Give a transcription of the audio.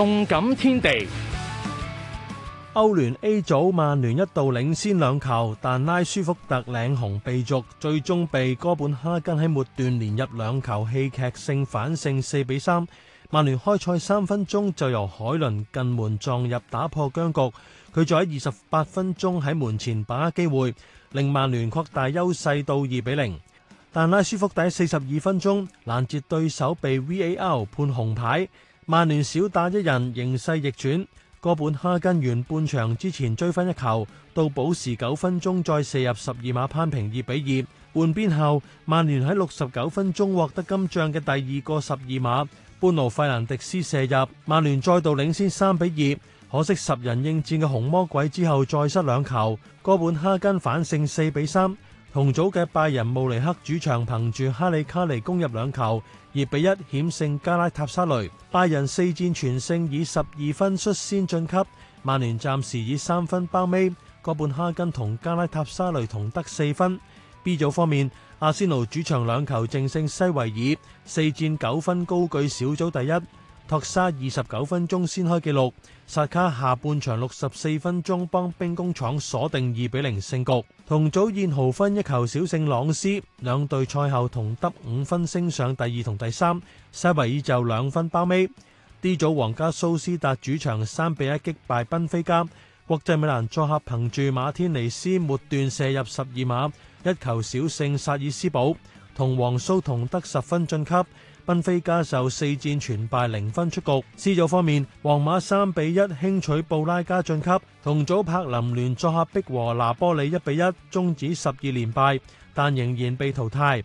動感天地，歐聯 A 組，曼聯一度領先兩球，但拉舒福特領紅被逐，最終被哥本哈根喺末段連入兩球，戲劇性反勝四比三。曼聯開賽三分鐘就由海倫近門撞入打破僵局，佢再喺二十八分鐘喺門前把握機會，令曼聯擴大優勢到二比零。但拉舒福特喺四十二分鐘攔截對手，被 VAR 判紅牌。曼聯少打一人，形勢逆轉。哥本哈根完半場之前追分一球，到補時九分鐘再射入十二碼，攀平二比二。換邊後，曼聯喺六十九分鐘獲得今仗嘅第二個十二碼，賓奴費蘭迪斯射入，曼聯再度領先三比二。可惜十人應戰嘅紅魔鬼之後再失兩球，哥本哈根反勝四比三。同組嘅拜仁慕尼黑主場憑住哈利卡尼攻入兩球，二比一險勝加拉塔沙雷。拜仁四戰全勝，以十二分率先晉級。曼聯暫時以三分包尾，尾。哥本哈根同加拉塔沙雷同得四分。B 組方面，阿仙奴主場兩球淨勝西維爾，四戰九分高居小組第一。托沙二十九分鐘先開紀錄，薩卡下半場六十四分鐘幫兵工廠鎖定二比零勝局。同組燕豪芬一球小勝朗斯，兩隊賽後同得五分升上第二同第三。西維爾就兩分包尾。D 組皇家蘇斯達主場三比一擊敗賓菲加，國際米蘭作客憑住馬天尼斯末段射入十二碼一球小勝薩爾斯堡，同皇蘇同得十分晉級。賓菲加受四戰全敗零分出局，C 組方面，皇馬三比一輕取布拉加晉級，同組柏林聯作客逼和拿波里一比一，終止十二連敗，但仍然被淘汰。